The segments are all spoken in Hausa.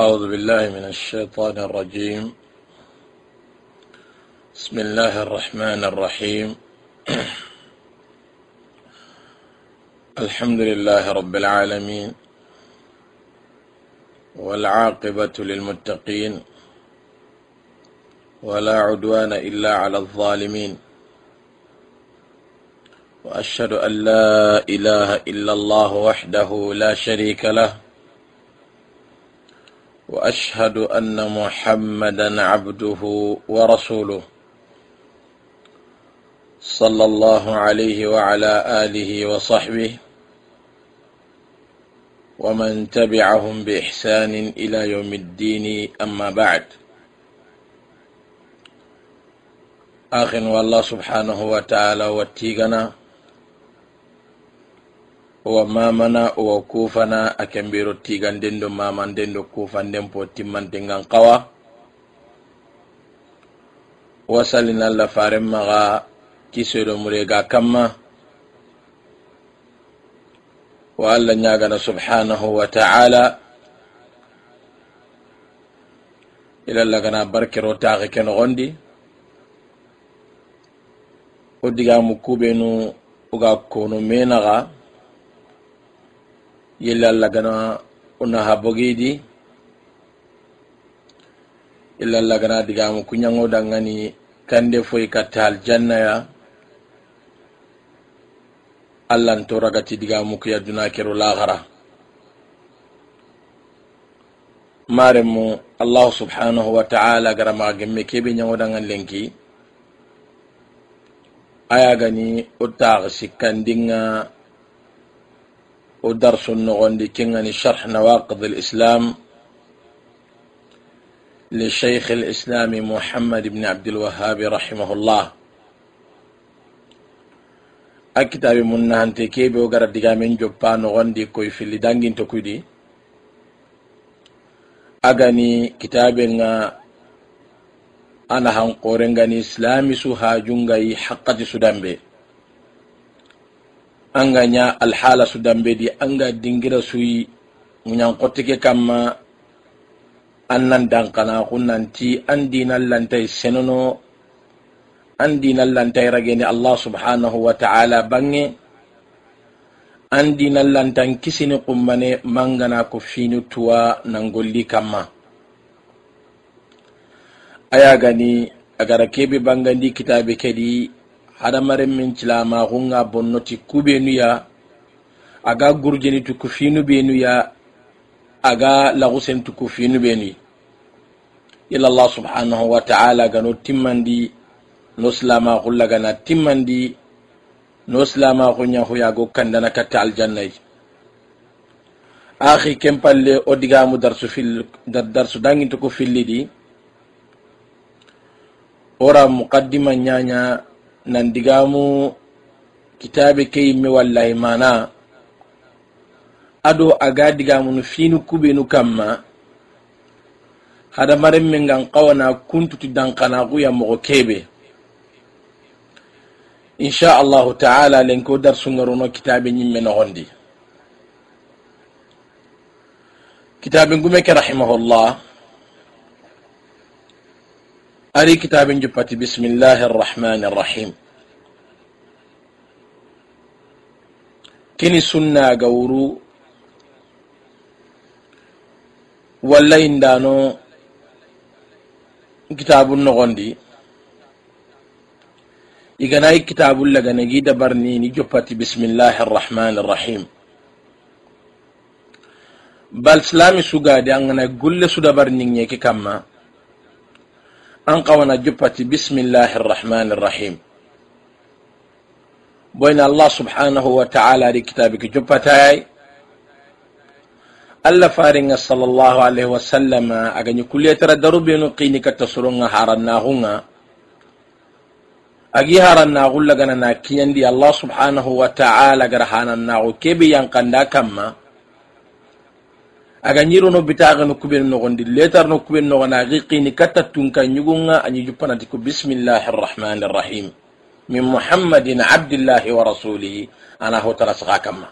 أعوذ بالله من الشيطان الرجيم بسم الله الرحمن الرحيم الحمد لله رب العالمين والعاقبة للمتقين ولا عدوان إلا على الظالمين وأشهد أن لا إله إلا الله وحده لا شريك له واشهد ان محمدا عبده ورسوله صلى الله عليه وعلى اله وصحبه ومن تبعهم باحسان الى يوم الدين اما بعد اخ والله سبحانه وتعالى واتيقنا owa mamana owa kufana a kembiro tigan den do maman den do kufan den po timmantengan kawa wasalin allah faren maga kisedo murega kamma wa allah ñagana subhanahu wa taala ilallah gana barkero taxe ke noxondi wo digamu kuɓenu oga konu menaxa yella allah gana una ha bogeydi yella allah gana digamu kuñangoɗan gani kande foy katta aljannaya allah n toragati digamu kuya dunakero lahara maremu allahu subhanahu wa ta'ala gara maga gemme keɓe ñangoɗan gan lenki aya gani o taxa sikkandinga o darsu nogondi kengani sharh nawaqid alislam لشيخ الإسلام محمد بن عبد الوهاب رحمه الله akitaɓe mum nahante keɓe o gara diga min joppa no gondi koye filli danginto kuyɗi agani kitaɓe ga ana hankoren gani islami su ha jungayi hakkati sudanɓe anga ña alhaala su dambedi anga dingira suyi muñankotike kamma an nan dankana ku nanti an dina lantay senono an dina lantay ragene allah subhanahu wa taala bange an dina lantan kisini kummane mangana ko finu tuwa nan golli kamma aya gani agara kebe bangandi kitabe kedi hadamaren min cilamaxunga bonnoti nuya aga gurjeni tuku finu nuya aga laxusen tuku finu benuyi ila allah subhanahu wa ta'ala gano timmandi no hulla gana timmandi no go kandana katta aljannayi akhi ken palle o digamu darsu fil darsu dangintuku fillidi ora muqaddima nyanya nandigamu kitabe keyimme walla e mana ado aga digamunu finu kubenu kamma hadamaren min gan kawana kuntuti dankanakuya mogo kebe insha allahu taala lenko darsungaruno kitabe yin nogondi kitabin ngume ke rahimahullah ari kitabin juppati bismillahi arrahmani arrahim kini sunna ga wuru walla indano kitabun nogondi iganayi kitabun laganagi dabarnini juppati bismillahi arrahmani arrahim bal silami sugadi an gane gulle su dabarnin yeke kama. أنقونا جبتي بسم الله الرحمن الرحيم بين الله سبحانه وتعالى لكتابك جبتاي الله فارن صلى الله عليه وسلم أغني كل يتردر بين قينك تسرون هارنا هنا أغي هارنا غلقنا ناكيا دي الله سبحانه وتعالى غرحانا ناغو كيبي ينقن كما aga ñiro no bitaxe no kuɓen noxondi letar no kuɓen noxona axi qini katta tunka ñugunga añi juppanati ko bismillahi arrahmani irrahim min muhammadin abdillahi wa rasulihi ana hotara saxa kamma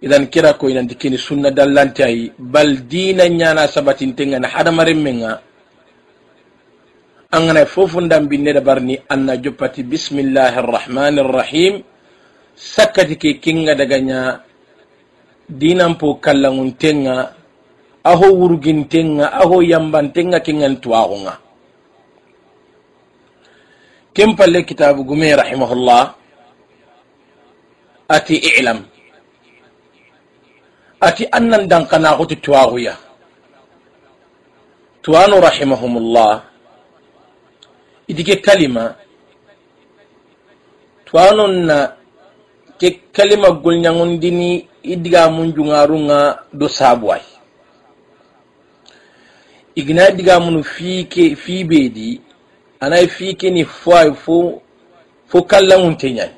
idan kira ko inanti kini sunna dallante ayi bal dina ñana sabatintengana hadamaren men ga an gana fofun dambinne dabarni anna joppati bismillahi arrahmani irrahim sakkati ke kinga daga nya dinampo kallanguntenga aho wurugintenga aho yambantenga kingan tuwaxunga ken palle kitabu gume rahimahullah ati ilam ati annan dankanaxuti tuwaxuya tuwanu rahimahumullah idige kalima tuwanun na ke kalima golñagondini i diga mun jungarunga do sabuway igna diga munu fiike fiibeedi anay ke ni foi fo fo te nyani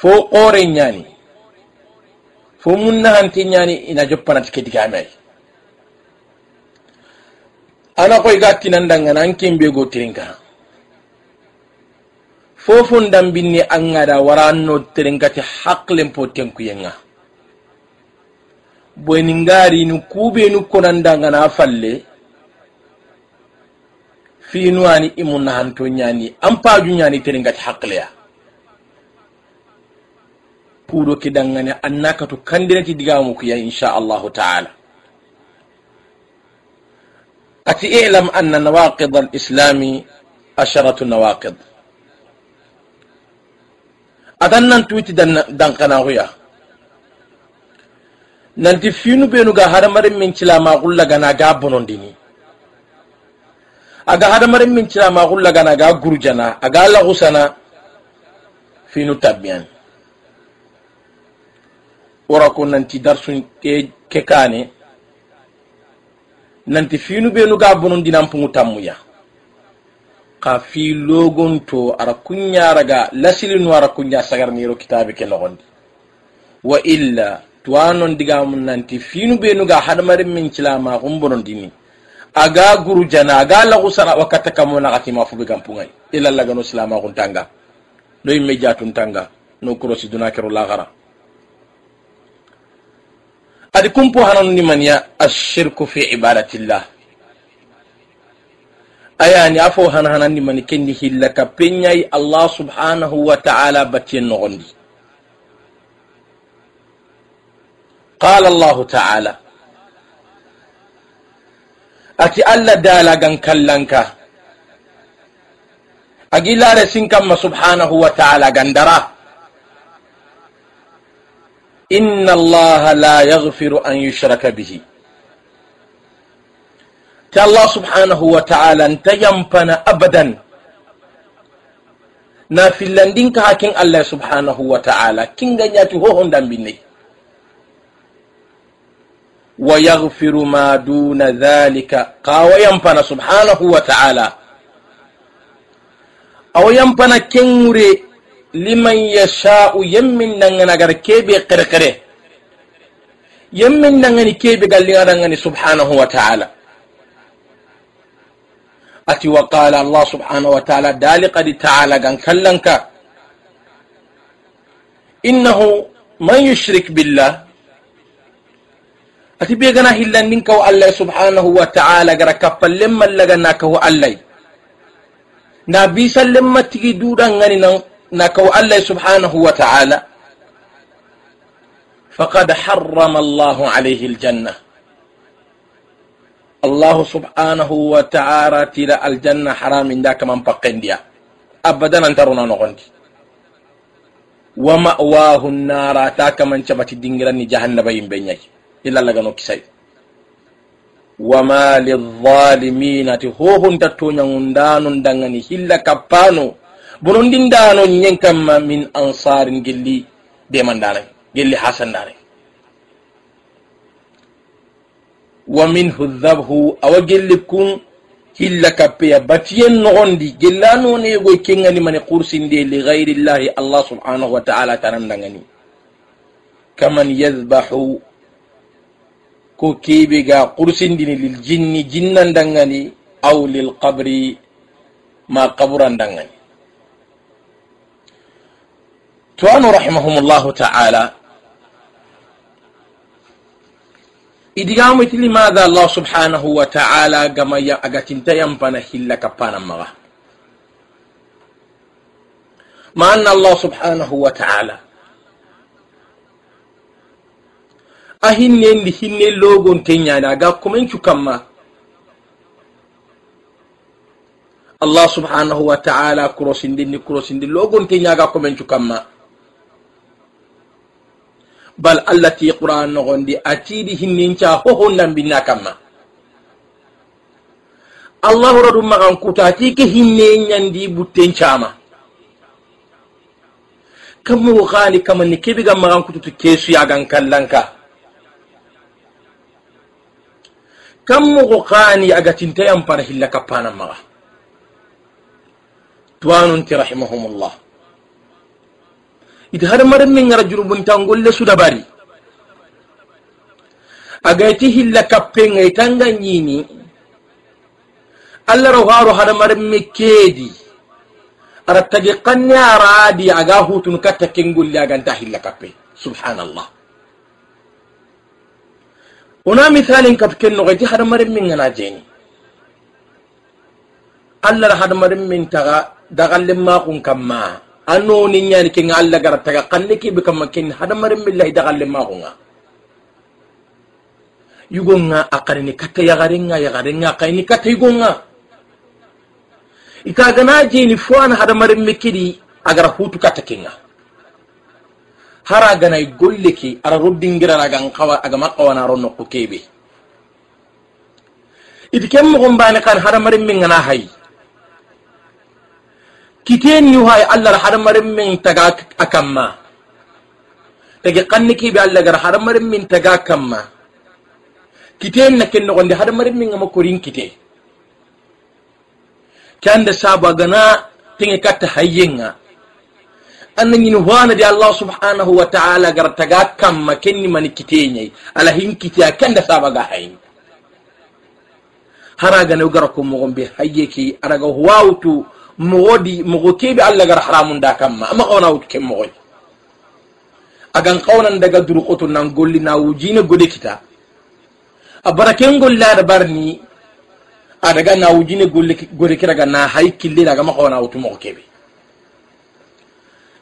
fo ore nyani fo mun te nyani ina jopana ke digame ay ana koy nan tinandangana an kimbe go tirinkaha fofon ne an gada waranno terenkati haklen potenkuyenga boyningarinu kubenu dangana falle fi finu ani imu nahanto ni an paju ñani terenkati hakleya kuɗo ke dangane annakatu kandinati digamukuya insha allahu taala ati ilam anna nawaqid al-islami asharatu nawaqid atan nan tuiti nan ti finu benu ga hadamaren min ma gulla ga dini aga hadamaren min ma gulla ga gurjana aga laxusana finu tabbiyani ora ko nanti darsun ke ke kane ti finu benu ga bonondinan pungu tammuya ka fi logonto arakunya raga raga wa arakunya sagar niro kitabi ke logondi wa illa tuwanon diga mun nanti finu benu ga hadmarin min kilama gumburon dini aga guru jana aga lagu wa wakata kamo na kati mafu bigan pungai ila laga no silama kuntanga no imme jatun tanga no kurosi duna kero lagara adi kumpo hanan ni mania ashirku fi ibadatillah ayani afo hanahanandi mani kendi hilla ka peñayi allah subhanahu wa taala battiyen nogondi qala allahu taala ati allah dalagan kallanka agi lare sin kamma subhanahu wa taala gandara inna allaha la yaghfiru an yushraka bihi ta Allah subhanahu wa ta'ala ta yamfana abadan na fillandin ka hakin Allah subhanahu wa ta'ala kin ganya ti hohon dambinne wa yaghfiru ma duna dhalika qawa yamfana subhanahu wa ta'ala aw yamfana kenure liman yasha'u yammin nangana gar kebe qirqire yammin nangani kebe gallinga nangani subhanahu wa ta'ala أتي وقال الله سبحانه وتعالى ذلك قد تعالى قن كلنك إنه من يشرك بالله أتي بيجنا هلا ننك الله سبحانه وتعالى جرى كفل لما لغناك هو الله نبي صلى الله عليه وسلم نكو الله سبحانه وتعالى فقد حرم الله عليه الجنه allahu subhanahu wa ta'ala tida aljanna haramin da kaman pakkendiya abadan antaruna nogondi wa ma'wahu nara ta kaman cabati dingiranni jahannaba yimɓe ñayi illa lagano kisay wama lilzalimina ti hohunta toñagundanon dangani hilla kappano bonondindano ñen kamma min ansarin gelli demandanay gelli hasandanay wa minhu dhabhu awa gelli kun hilla kappeya batiyen nogondi gellaanoneego kengani mane kursinde li gayrillahi allah subhanahu wa taala tanandangani kaman yadbahu ko keɓe ga kursindini lil jinni jinnandangani aw lil qabri ma kaburandangani to anu rahimahumullahu taala idigamu itili madha allah subhanahu wa ta'ala gama ya agatinta yampana hilla kapana maga maanna allah subhanahu wa ta'ala a hinne ndi hinne logon tenyana aga komen cukamma allah subhanahu wa ta'ala kurosindi ni kurosindi logon tenya aga komen cukamma bal allati qur'an nogondi atiidi hinninca hohonnambinna kamma allahu raɗum magan kuta ti ke hinne ñandi butten cama kammugo xaani kamanni keɓigan magan kututu kesuyagan kallanka kammugo xaani agatintayan para hilla kappanan maga tuwanunti rahimahumullah iti har marin min ngara tangul golle suda bari agayti hilla kappe ngay tanga nyini alla ro haro har marin mi kedi ara tagi qanne araadi aga hutun katta ken ya ganta hilla kappe subhanallah una misalin kaf no gaji har marin min ngana jeni alla har marin min taga dagallen kun kamma anno ni nyani ke ngalla gar taga kanne ki be kam ken hadamare billahi dagalle ma gonga yugonga akarni katta yagarenga yagarenga kayni katta yugonga ikagana ni fuan hadamare mikiri agara hutu kata kinga hara gana golle ki ara roddingira ragan kawa aga makawana ronno ko kebe idi kem mo gombani kan hadamare min ngana hayi kiten yu hay e allah har marin min taga akamma tagi kanni ki bi allah gar har min taga akamma kiten na ken gonde har min ma korin kite kanda saba gana tinga katta hayyenga anna ñini hoanadi allah subhanahu wa taala gara taga kamma kenni mani kiteñayi ala hin kitiya kende sabaga hayni haragane gara ko mogon be hayye araga huwautu. mogodi mogo kebe allah gara haramunda kamma ama kawanawutu ken mogoy agan kawanan daga durukoto nan golli na wujine gode kita a bara ken golli ada barni a daga na wujine gode kiraga na hay kille daga ma kawanawutu mogo kebe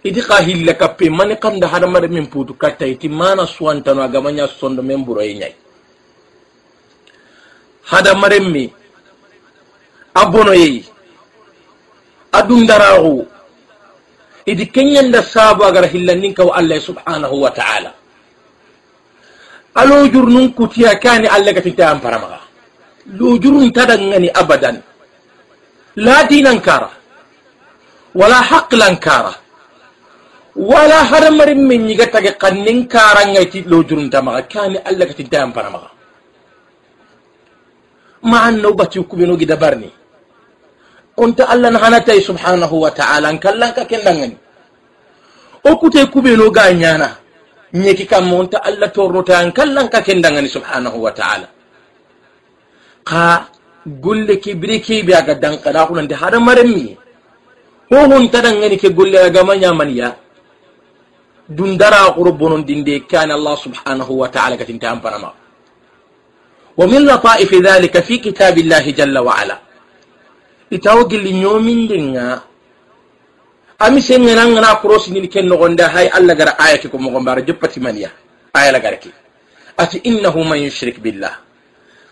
iti ka hilla kappe mani kanda hadamada min putu katta iti mana suwantano agamanya sondo men buroye ñayi hadamaren me a bonoyeyi adundaraxu idi keñenda saabu agara hillannin kawo allah subhanahu wa taala alo jurnun kutiya kani allah gatintayan paramaxa lojurun tadangani abadan la kara wala kara wala hadamarin min yiga tage kannin karangaiti lojuruntamaxa kani allah gatintayan paramaxa ma an no bati kubenogi dabarni onta allah nahanatayi subhanahu wa taala nkallanka kendangani okute kubeno ga ñana ñeki kamma onta allah torrota nkallanka kendangani subhanahu wa taala ka golle kibire kebe aga dankana kunante hada maremmiye hohontadangani ke golle agama ñamaniya dundara kuro bonondinde kani allah subhanahu wa taala gatinta an panama ومن لطائف ذلك في كتاب الله جل وعلا itawo gilli ñomindenga ami sengena ngana korosinini ken nogonde hay allah gara aya ke ko mogombara joppatimaniya aya la gara ke ati innahu man yushrik billah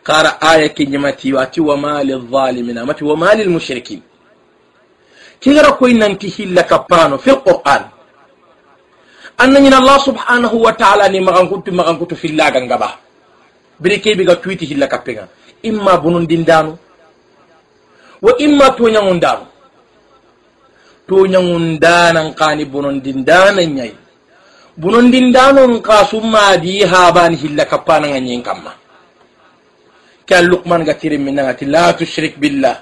kara aya ke ñamatiyo ati wama lilzalimina mati wama lilmushrikin kigara koy nanti hilla kappano fil qur'an annañin allah subhanahu wa taala ni magankuntu magankutu fillaga ngaba bire keɓe ga tuiti hilla kappenga imma bunondindanu wa imma toñagundano toñagundanan kani bonondindanan ñayi bonondindanon ka summadi habani hilla kappananga ñin kamma ke a lukman ga tirin min nagati la tushrik billah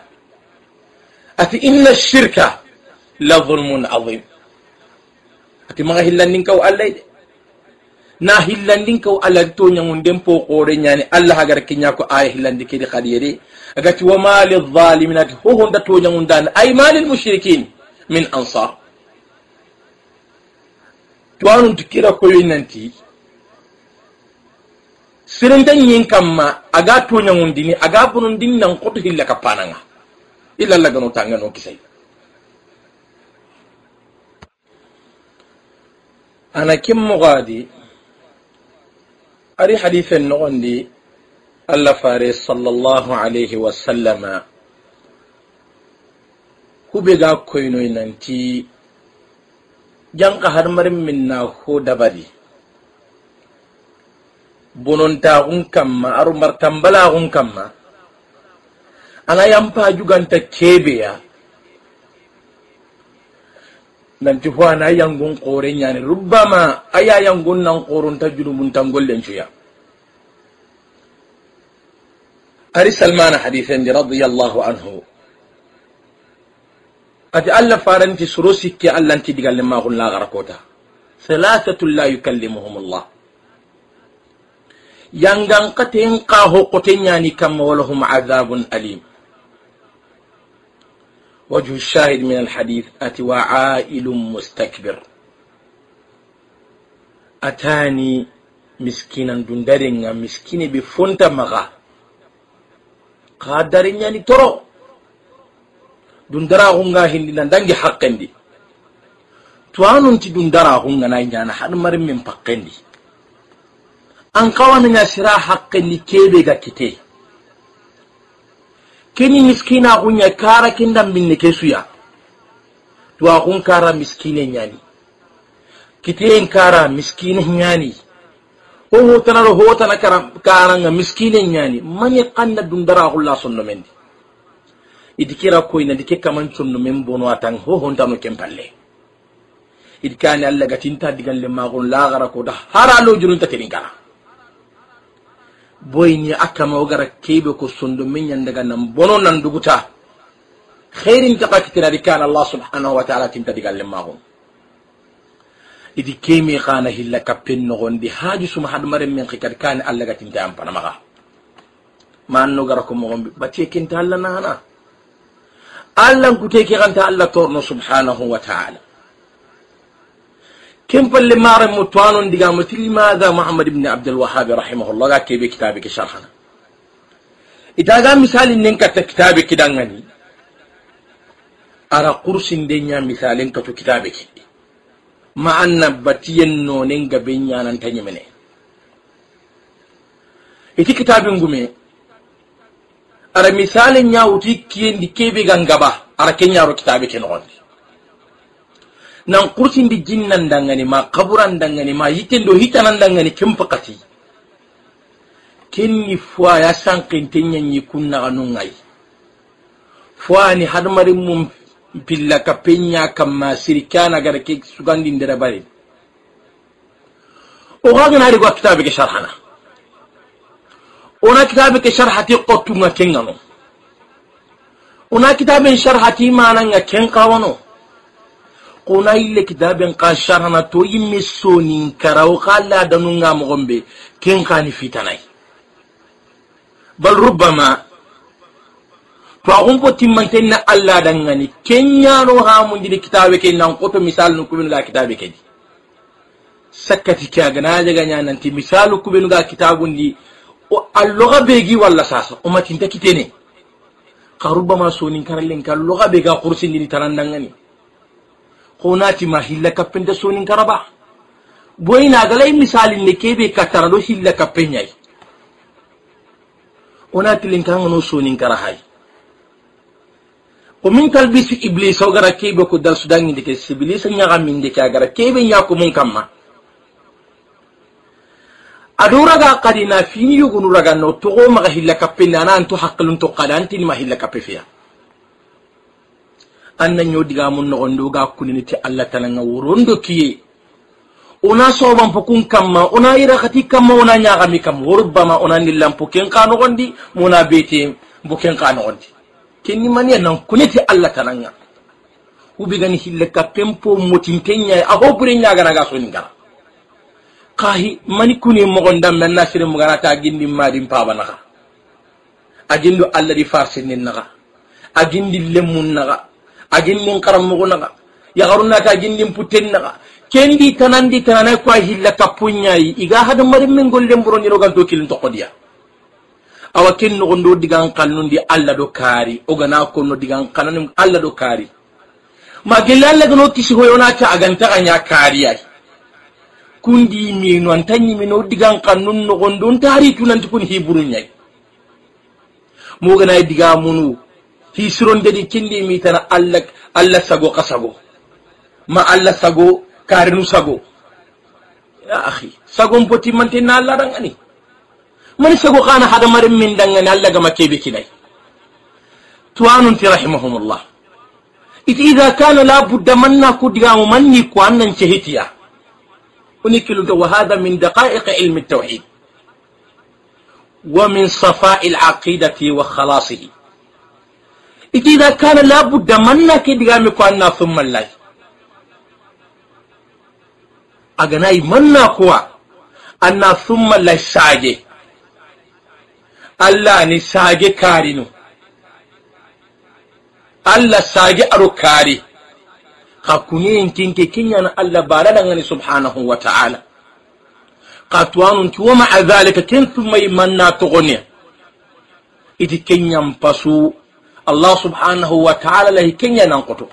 ati inna shirka la zulmun azim ati maga hillannin kaw allay de na hillandin ka ala to den po kore ni Allah gar kinya ko ay hillandi kedi aga ti wa malil zalimin ati ho honda to dan ay malil mushrikin min ansar tuwanun tukira koyo nanti dan yin kamma aga to dini aga din nan kotu hilla pananga, illa Allah gano tangano kisai ana kim mugadi ari hadithen nogondi allah fare sallallahu alaihi wa sallama kube ga koynoy nanti janka harmarin min na ho dabari bonontaxun kamma aro kun kamma ana kebe ya. nanti hwana yangun kore nyani rubbama aya yangun nan koron ta julu mun tangollen cuya ari salmana hadithan di radiyallahu anhu ati alla faranti suro sikki allanti digalle maxun lagara kota thalathatun la yukallimuhum allah yangan qatin qahu hokkoten ñani kamma walahum azabun alim وجه الشاهد من الحديث أتي وعائل مستكبر أتاني مسكينا دندرين مسكين بفنت مغا قادرين يعني ترو dundara hunga hindi nan dangi hakkendi tuwanunti dundara hunga na nyana har marin min pakkendi an kawanin ya sira hakkendi kebe ga kini miskina kunya kara kinda minne kesuya tuwa kun kara miskine nyani kitiyen kara miskine nyani ko hotana ro hotana kara kara nga miskine nyani manye kanna dundara hulla sonno mendi idikira ko ina dikke kaman men bono atang ho honta no kempalle idikani alla gatinta digalle magon la gara ko da haralo jurunta tirinkana boyni akkama ogara kebe ko sondo minyan daga nan bono nan duguta khairin ta kakitina dikan allah subhanahu wa ta'ala tinta diga lemmagon idi kemi kana hilla gondi haji haaju suma hadmaren min kikad kani allah ga tinta an panamaga ma an gara ko mogonɓe batie kenta allah nana allah nkute ke kanta allah torno subhanahu wa ta'ala كم فل مار متوان دقا مثل ماذا محمد بن عبد الوهاب رحمه الله قال كيف كتابك شرحنا إذا قال مثال إن كت كتابك دعني أرى قرص الدنيا مثال إن كت كتابك ما أن بتين نونين قبين أنا تني منه إتي كتاب نقومي أرى مثال إن يا وتي كين دكيبي غنغبا أرى كين يارو كتابك نغني nan di jinnan dangane ma kaburan dangane ma yitendo hitanan dangane kin fakati ken yi fuwa ya anun ai fuwa ni hadmarin mum pilla ka penya kamma siri kana gar ke sugandin dere bare o ga gina rigo kitabe ke sharhana ona kitabe ke sharhati qottu nga kengano ona kitabe sharhati manan nga kawano kuna ille kitaben ka sharana to yimme sonin karawo ka ladanunga mogon be ken kani fitanai bal rubbama to agun po timmanten na allah dangani ken yano ha mundini kitabe ke nan koto misal nu kubinu ga kitabe ke di sakkati ke agana jaga nyananti misalu kubinu ga kitabundi o alloga begi wala sasa o matinta kitene ka rubbama sonin karallen ka alloga bega kursindini tanandangani konati ma hilla kappen da sonin garaba boy na galai misalin ne kebe katara do hilla kappen yai onati lin kan no sonin gara hay ko min talbisi iblis o gara kebe ko dal sudan ni ke siblis nya ga min de ka gara kebe nya ko mun kamma adura ga kadina fini yugunu raga no to ma hilla kappen na nan to haqqlun to qadanti ma hilla kappe fiya annanyo digamun nogondo ga ti allah tananga worondo kiye una soban pokun kamma una ira khati kamma una nyagami kamma worubbama una nillan poken ka nogondi muna bete boken ka nogondi ni maniya nan kuniti allah tananga ubigani hille kappenpo motintenñaye a hopure ni soningana kahi mani kuni mogondan men na sire ta gindin madin pabanaga Ajindu allah di farsinnin naga agindi lemmun naga a ajinnin karammogo naga yagarunata ajinnin putten naga kendi tanandi tananai kwa hilla kappunyayi iga hadamarin min gollen burondinoganto kilin tokodiya awa ken nogondo digan kannundi allah do kaari ogana konno digan kannani allah do kaari ma gelle allah gano kisi hoyonata agantaganya kaariyay kundi mino anta ñimino digan kannun nogondo ntaari tunanti kun hiburunyay moganayi diga munu hisirondedi kindimi tana allah allah sago ka sago ma allah sago karinu sago ya ahi sagon poti manti na allah dangani mani sago kana hadamaren min dangani allah gama kebe kinai tuwanunti rahimahumullah iti idha kana la budda manna kudigamu manni ko annan cehitiya ونكلك وهذا من دقائق علم التوحيد ومن صفاء العقيدة وخلاصه iti da kana da manna ke mi ko anna sommallahi yi manna kuwa anna mallaki sage allah ni sage karinu allah sage aro kari hakkuneyen kinke na allah ngani subhanahu wa taala katuwanunti wa maa kin ken mai manna tuguni iti kenñan pasu allah subhanahu wa taala lahi kenya kenñanan koto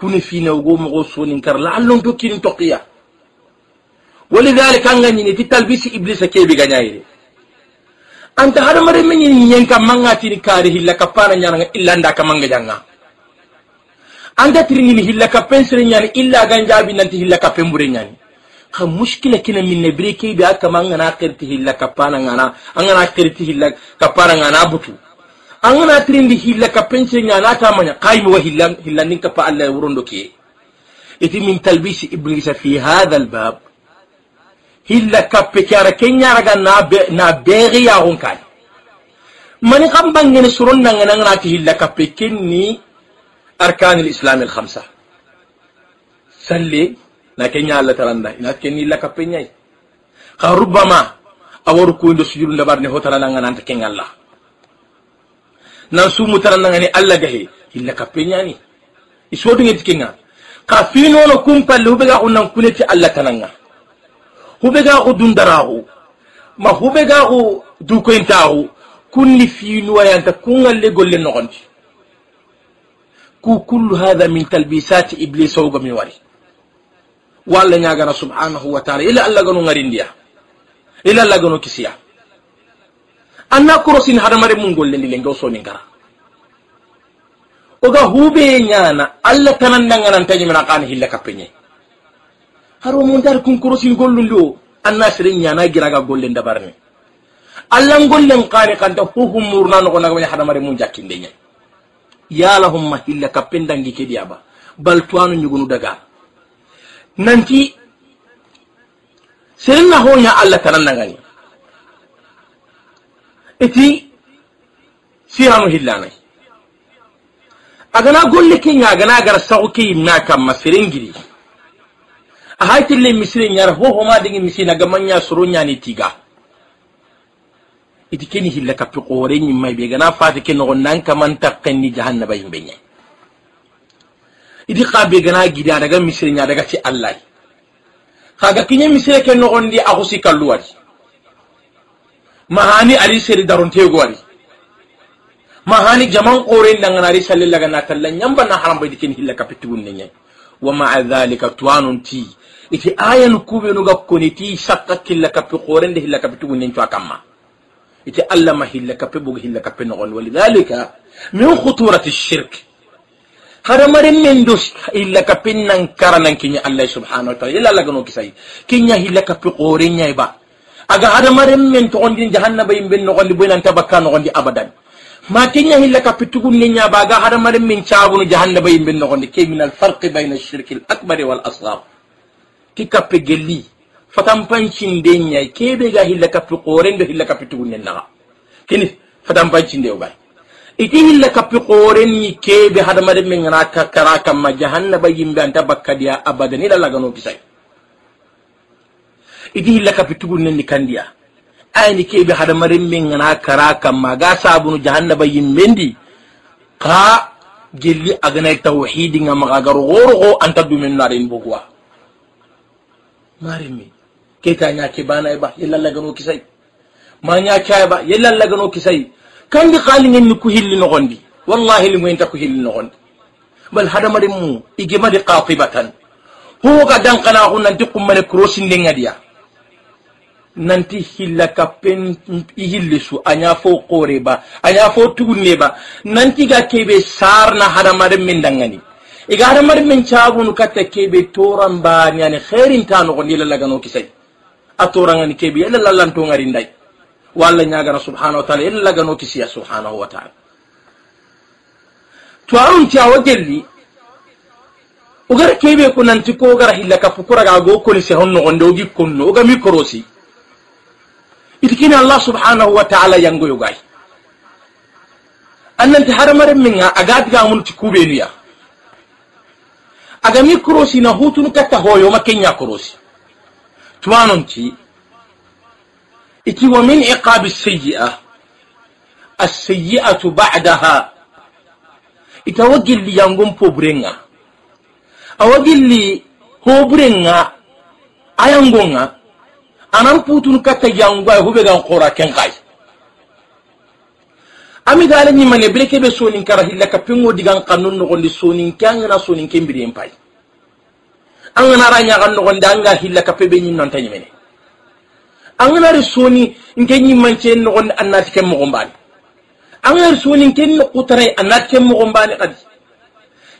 kuni finewgo mogo sonin kara laallon to kini toqiya walidalika anga ñini ti talbisi iblisa keɓe gañayire anta hadamaren me ñini ñen kam manga tini kaari hilla kappana ñananga illa nda kamanga janga anta tirinini hilla kappen sere ñani illa gan jaabi nanti hilla kappen ɓure ñani ka muskila kina min ne bire keɓe a kama angana kerti hilla kappana ngana angana kerti hilla kappana ngana butu an angana tirindi hilla kapenche nya nata manya qaimi wa hillan hillan ka fa Allah wurondo ke iti min talbisi iblis fi hadha albab hilla kappe kara kenya raga na be na beri ya honkai mani kam bangene suron nan nan na ti hilla kappe kenni arkan alislam alkhamsa salli na kenya Allah taranda ina kenni hilla kappe nyai ka rubbama awaru ko ndo sujudun dabar ne hotala nan nan ta kenya Allah nan su nan ne allah gahe illa ni iso dinga tikinga ka finono kumpalle huɓe ga ko nan kuneti allah tananga huɓe ga ko dundarahu ma hu huɓe ga ko dukoyintaku kunni finuwayanta kungalle golle gonti ku kullu hadha min talbisati iblis owga min wari walla ñagana subhanahu wa taala ila allah gonu ngarindiya ila allah gonu kisiya anna korosini hadamare mun gollendi lenge o soni ngara oga hube ñana allah tanan danganantañimena kani hilla kappe ñayi haro mun dari kun korosini gollundi o anna sere ñana giraga gollen dabarni allah gollen kani kanta hohum murna nogonagamaña hadamare mun jakkinde ñayi yalahumma hilla kappen dangi keɗiyaba bal tuwanu ñugunu daga nanti serenna hoña allah tanan dangani itti siyaa muhillaanay agana golle kenya aganaa gara sago ke yimmaa kamma serengiri ahaytille misire ñara hohoma digi soro tiga iti keni hilla kappi qoore ñimmay ɓe gana fati ke nogon nan kaman jahannaba gana adaga misire ti misire ke mahani ali seri darontego ari mahani jaman qoren danganari sallillaga na talla ñamba na bai dikin hilla kapittigunne ñay wa ma dhalika tuanun ti iti ayanu kuɓenuga koni ti shakka killa kappe qorende hilla kapittigunne cuwa kama. iti allah ma hilla kapi boga hilla kappe nogon dalika min khuturati shirk hadamaren min dus illa kapin nan karanan kinya allah subhanahu wa taala illa lagano kisai kinya kiña hilla kappe qoren ñay ba aga hadamaren men togondin jahannaba yimɓen nogondi boynanta bakka nogondi abadan ma kenya hilla ka pitugun ne nya baga hadamaren men cabunu jahannaba yimɓen nogondi ke min alfarqi bayna alshirki l akbari wal asgar ti kappe gelli fatampancinde ñay keɓe ga hilla kappe qorendo hilla kappe tugun nen naga kini fatampancinde o ɓay iti hilla kappe qoren ni keɓe hadamaren men gana kakkara kamma jahannaba yimɓe anta bakkadiya abadan ila lagano iti hilla ka ni nan nikandiya ke bi hadamarin min gana kara kamma ga sabunu jahannaba mendi ka gelli aganay tawhidi nga goro go anta dumen narin bogwa marimi keta nya ke bana ba yalla lagano kisai ma nya kya ba yalla lagano kisai kandi qalin ni ku hilli no gondi wallahi li ngenta ku hilli no gondi bal hadamarin mu igema di qatibatan huwa gadan kana hunan dikum mane krosin dengadiya nanti hilla kappen i hillisu a fo koreba ba anya fo tugunneba nanti ga kebe na hadamaren min dangani ga hadamaren min nu katta kebe toran bani ani herinta nogondi lalagano kisai a ani kebe ngari ndai walla ñagana subhanahu wa taala illa lagano kisiya subhanahu wa taala to arun awa gelli ugar kebe ko nanti ko gara hilla fukura ga go kolise honno nogonde ogi konno ogami korosi itikini allah subhanahu wa ta'ala yango yogai annanti haramare minga agatiga amunuti aga mi korosi na ta hoyo ma kenya korosi ti iti wa min iqabi sayyi'a as-sayyi'atu ba'daha ita wagilli yangon pobrenga a hobrenga ayangonga anan putun katta yangwa hube gan qora ken kai ami dala ni mane bile kebe sonin kara hilla ka pingo digan kanun no gondi sonin kyanga na sonin ken kembiri empai angana ranya kan no gondi anga hilla ka pebe ni non tanyi mene na re soni nke ni manche no gondi annati kem mo gombani na re soni ken no kutare annati kem mo gombani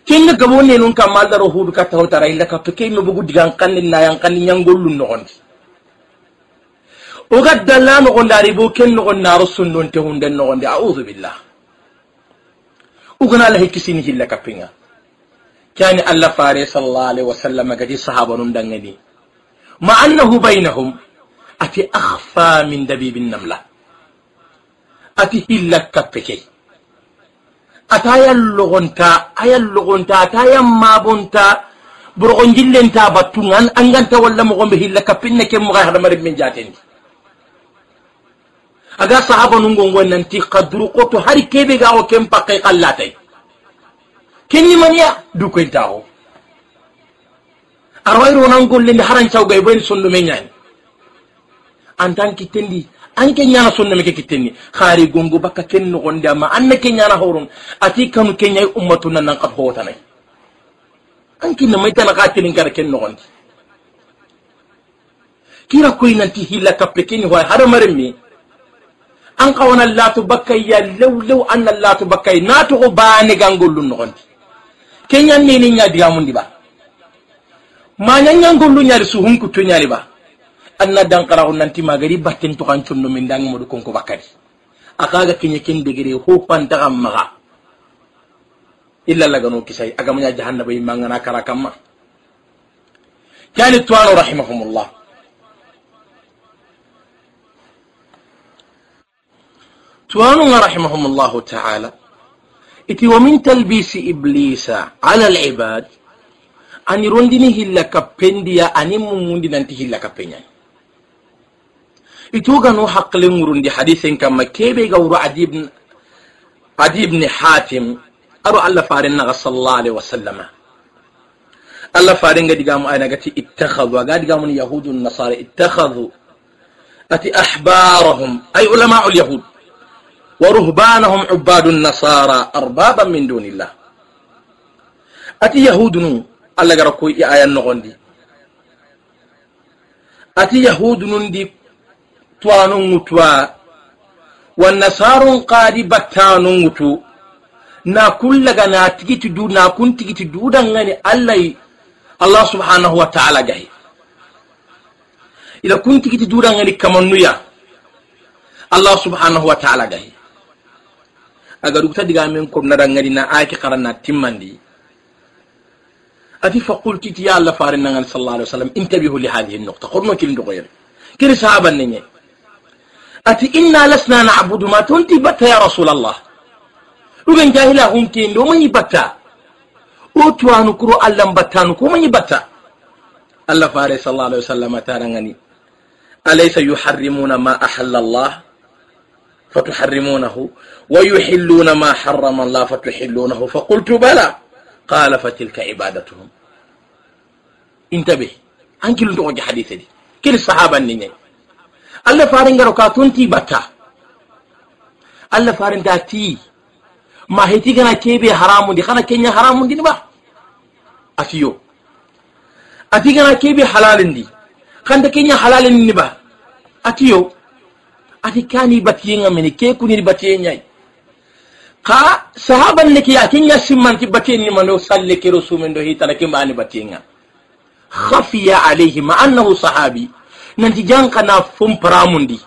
ken ga bonne non kamal daro hudu ka tawtara hilla ka peke me bugu digan kanin na yan kanin nyangollu no gondi oga dalla nogonde ari bo ken nogonde aro sunnonte hunden nogonde audu billah ugana allah hikkisini hilla kappinga kani allah fare sallallahu alaihi wasallam gadi sahaba num dangani ma annahu bainahum ati akhfa min dabibin namla ati hilla kappekey atayan logonta ayan logonta atayan mabonta borgon jillenta battunga an anganta walla mogonɓe hilla kappinne ken moga hadamarin min jatendi aga sahaba nun gongo nanti qadru qoto hari kebe ga o kem pakke kallatai kenni maniya du ko intaho ro nan golle ni haran chawga gay ben sondu me nyaani an tan tendi an ke nyaana sondu me ke kitenni khari gongo bakka ken no gonde ma an ke nyaana horon ati kanu ke nyai ummatu nan qad hota nay an kin mai tan qatilin kar ken no gonde kira koy nanti hilla kappe ken ho har mi. an kawana latu bakkayya an na latu bakkay natoxo baane gangollu ni ke diya mun di ba ma mañañangollu ñari suhunkutto ñani ba an na anna dankaraxu nanti magari batten toxan conno min dangi dukun konko bakkadi a kaga keñe ken ko ho pantaxan maxa illa lagano kisay agamaña jahannaba yimma ngana kara ma. kani tuwaro rahimahumullah توانون رحمهم الله تعالى إتي ومن تلبيس إبليس على العباد أن يرندني هلا كبنديا أن يموندي ننتي هلا كبنيا إتوغا نو حق لنورندي حديث كما كيبي غورو عدي بن عدي بن حاتم أرو الله فارن صلى الله عليه وسلم الله فارن قد قاموا أنا قد اتخذوا قد قاموا اليهود والنصارى اتخذوا أتي أحبارهم أي علماء اليهود wa ruhbanahum ubadun nasara arbaban min dunillah ati yahudunu allah gara ko i ayan nogondi ati yahudunundi tuwanun mutuwa wa nasarun a battanun mutu na kullaga na tigiti du na kun tigiti dudan ngani allah allah subhanahu wa ta'ala gahi ila kun tigiti dudan ngani kamannuya allah subhanahu wa ta'ala gahi agar ruguta diga men ko nara ngari na aki qarana timmandi ati faqulti ti yalla farin nangal sallallahu alaihi wasallam intabihu li hadhihi an-nuqta qurno kin do goyre kiri sahaban ne ati inna lasna na'budu ma tunti batta ya rasul allah ugan jahila hunti ndo mani batta o tuwanu kuro batta battanu ko mani batta allah fare sallallahu alaihi wasallam tarangani alaysa yuharrimuna ma ahalla allah فتحرمونه ويحلون ما حرم الله فتحلونه فقلت بلى قال فتلك عبادتهم انتبه أنك لنتوجه حديث دي كل الصحابة نيني الله فارن ركاتون تي بتا الله فارن تاتي ما هيتي كنا كيبي حرام دي كنا كينيا حرام دي نبا أسيو أتي كنا كيبي حلال دي كنا كينيا حلال دي نبا أتيو ati kani nga mene ke batiye nyai? ka sahaban ne kiya kinya simman ki batiye ni mando salle ke rusumen do hitala ke batiye nga khafiya alayhi ma annahu sahabi nanti janka na fum paramundi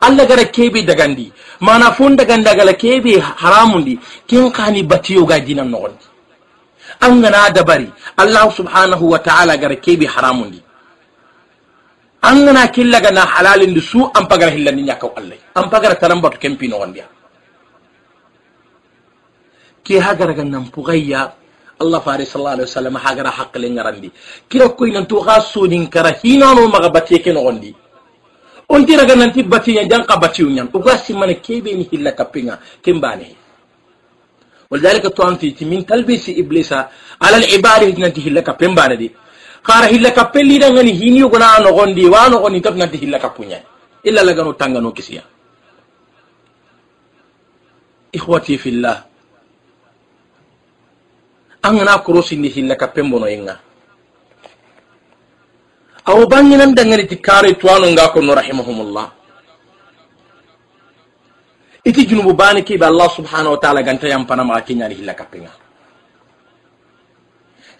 Allah gara kebe dagandi mana fun daganda gala kebe haramundi kin kani batiyo ga dinan nogondi an gana dabari Allah subhanahu wa ta'ala gara kebe haramundi an gana killa ga na halalin da su an fagara hillannin ya kawo allai an fagara taran batu kemfi na wanda ke hagara ga nan fugayya allah fari sallallahu alaihi wasallam hagara haqqalin garandi kira ko nan to ga sonin kara hina no maga batte ke no wandi on tira ga nan tibati yan janka bati yan to ga simane kebe ni hilla kapinga kimbane ولذلك تو انت من تلبس ابليس على العباد انت هلك بمباندي kara hilla kappelli dan ngani hiniyo gona no gondi wa no goni tap nanti hilla kapunya illa la gano tanga no kisiya ikhwati fillah an gana kurosi ni hilla kappen bono inga awo banginan dan ngani tikare tuwano nga ko no rahimahumullah iti junubu bani ke ba allah subhanahu wa ta'ala ganta yampana ma kenya ni hilla kapenga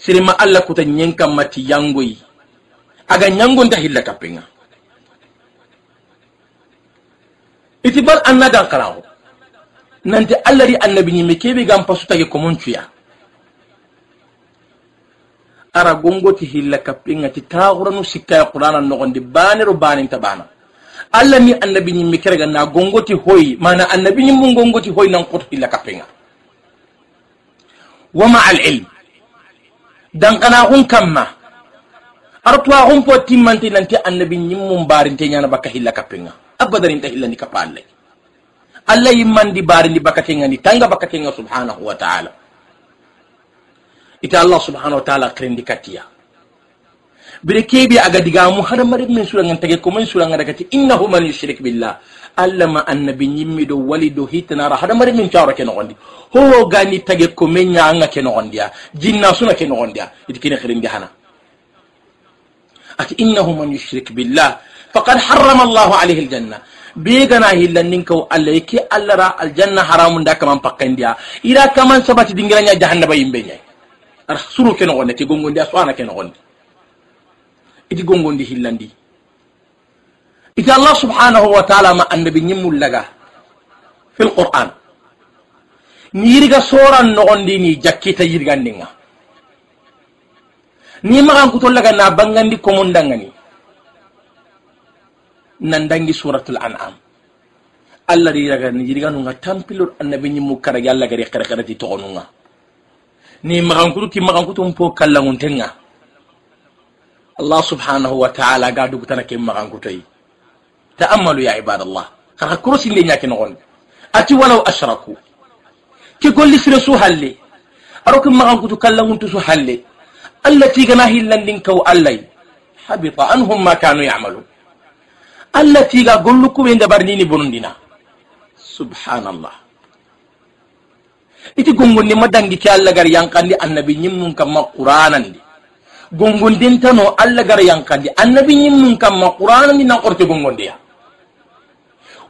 sirima allah kuta nyen kamma mati yangoyi aga nyangonta hilla kappenga iti bal anna dan karawo nanti li di annabi ñimme keɓe gan pasutage komon ya ara gongoti hilla kappenga ti taxuranu sikkaya qur'ana noxondi banero baninta bana Allah ni annabi ñimme kerega na gongoti hoyi mana annabi ñimmu gongoti hoyi nan qoto hilla kappenga wama al ilm dankana dankanaxun kamma artuwaxun po timmanti nanti annabi ñimmum barinte ñana bakka hilla kappenga abadaninta hillandi kappa allay allah yimmandi barindi bakkatenga ni tanga bakkatenga subhanahu wa taala ita allah subhanahu wa taala kirendi kattiya bire keɓe aga digamu haɗa maɗen men suranga tage ko men suranga dagati innahu man yushrik billah allama ma annabi do wali do hittanara haɗa mari min caro ke nogondi howo gani tage ko men ñaanga ke nogondiya jinna suna ke nogondiya iti kine hirindi hana ati innahu man yushrik billah faqad harrama allahu alayhi aljanna begana nin kaw allah yake allah ra aljanna haramun da kaman pakkandiya ira kaman sabati dingiranya jahannaba yimɓe nya ara suru ke nogonde ke gongondi aswana soana ke nogondi iti gongondi hillandi ita allah subhanahu wa taala ma annabi laga fi lquran ni yirga soran nogondi ni jakkita yirgandinga ni magan kutollaga na bangandi komundangani nandangi suratul an'am allah ri laga ni yirga nunga tampilor annabi ñimmu karagi allah gari xerekereti togonunga ni magan magankutu ti magankutu mpo kallanguntenga allah subhanahu wa taala ga magan ke yi. da ta'ammalu ya ibadallah kaka korosille ñaki noxonde ati walaw ashraku ke golli sire su halle aroke maxankutu kallanguntu su halle allah tigana hillandin kaw allahy habita anhum ma kanu yamalu allah tiga gollu kuɓe ndabarnini bonondina subhanallah iti gongonni ma dangi ke allah gar yankandi annabi ñimmum kamma quranandi gongondintano allah gar yankandi annabi ñimmum kamma quranandi nan qorte gongondiya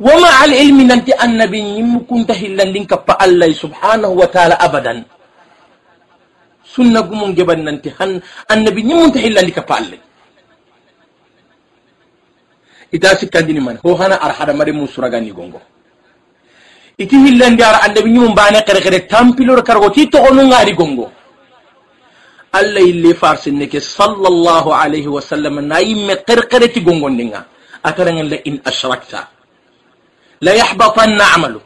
wama al ilmi nanti annabi ñimmu kunta hillandin kappa allah subhanahu wa taala abadan sunna gumum geban nanti han annabi ñimmunta hillandi kappa allah ita sikkandini man ho hana ar hada mare mum suragani gongo iti hillandi ar annabi ñimum bane kere kere tampilor kargo ti togonungari gongo allah ille farsinne ke sallallahu alayhi wa sallam nayimme kere kere ti gongondinga atarangen ليحبطن عمله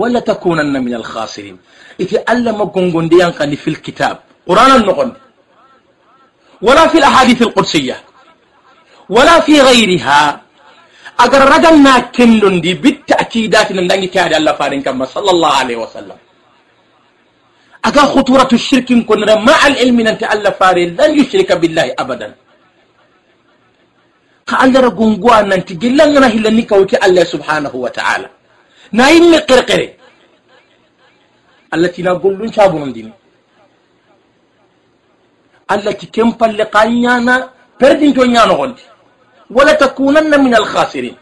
ولا تكونن من الخاسرين إذا يتألم قنقنديان قني في الكتاب قرآن النقن ولا في الأحاديث القدسية ولا في غيرها رجلنا كنن دي بالتأكيدات من دنك كاد الله فارن كما صلى الله عليه وسلم أقر خطورة الشرك كن مع العلم أن تألف فارن لن يشرك بالله أبداً ka Allah ra allra gungua nanti gillangana hillani kawti allah subhanahu wa ta'ala na yimme qirqire allah tina gollun cabunondini allah ti ken palle ka ñana perdinto ñanogondi wala takunanna min alkhasirin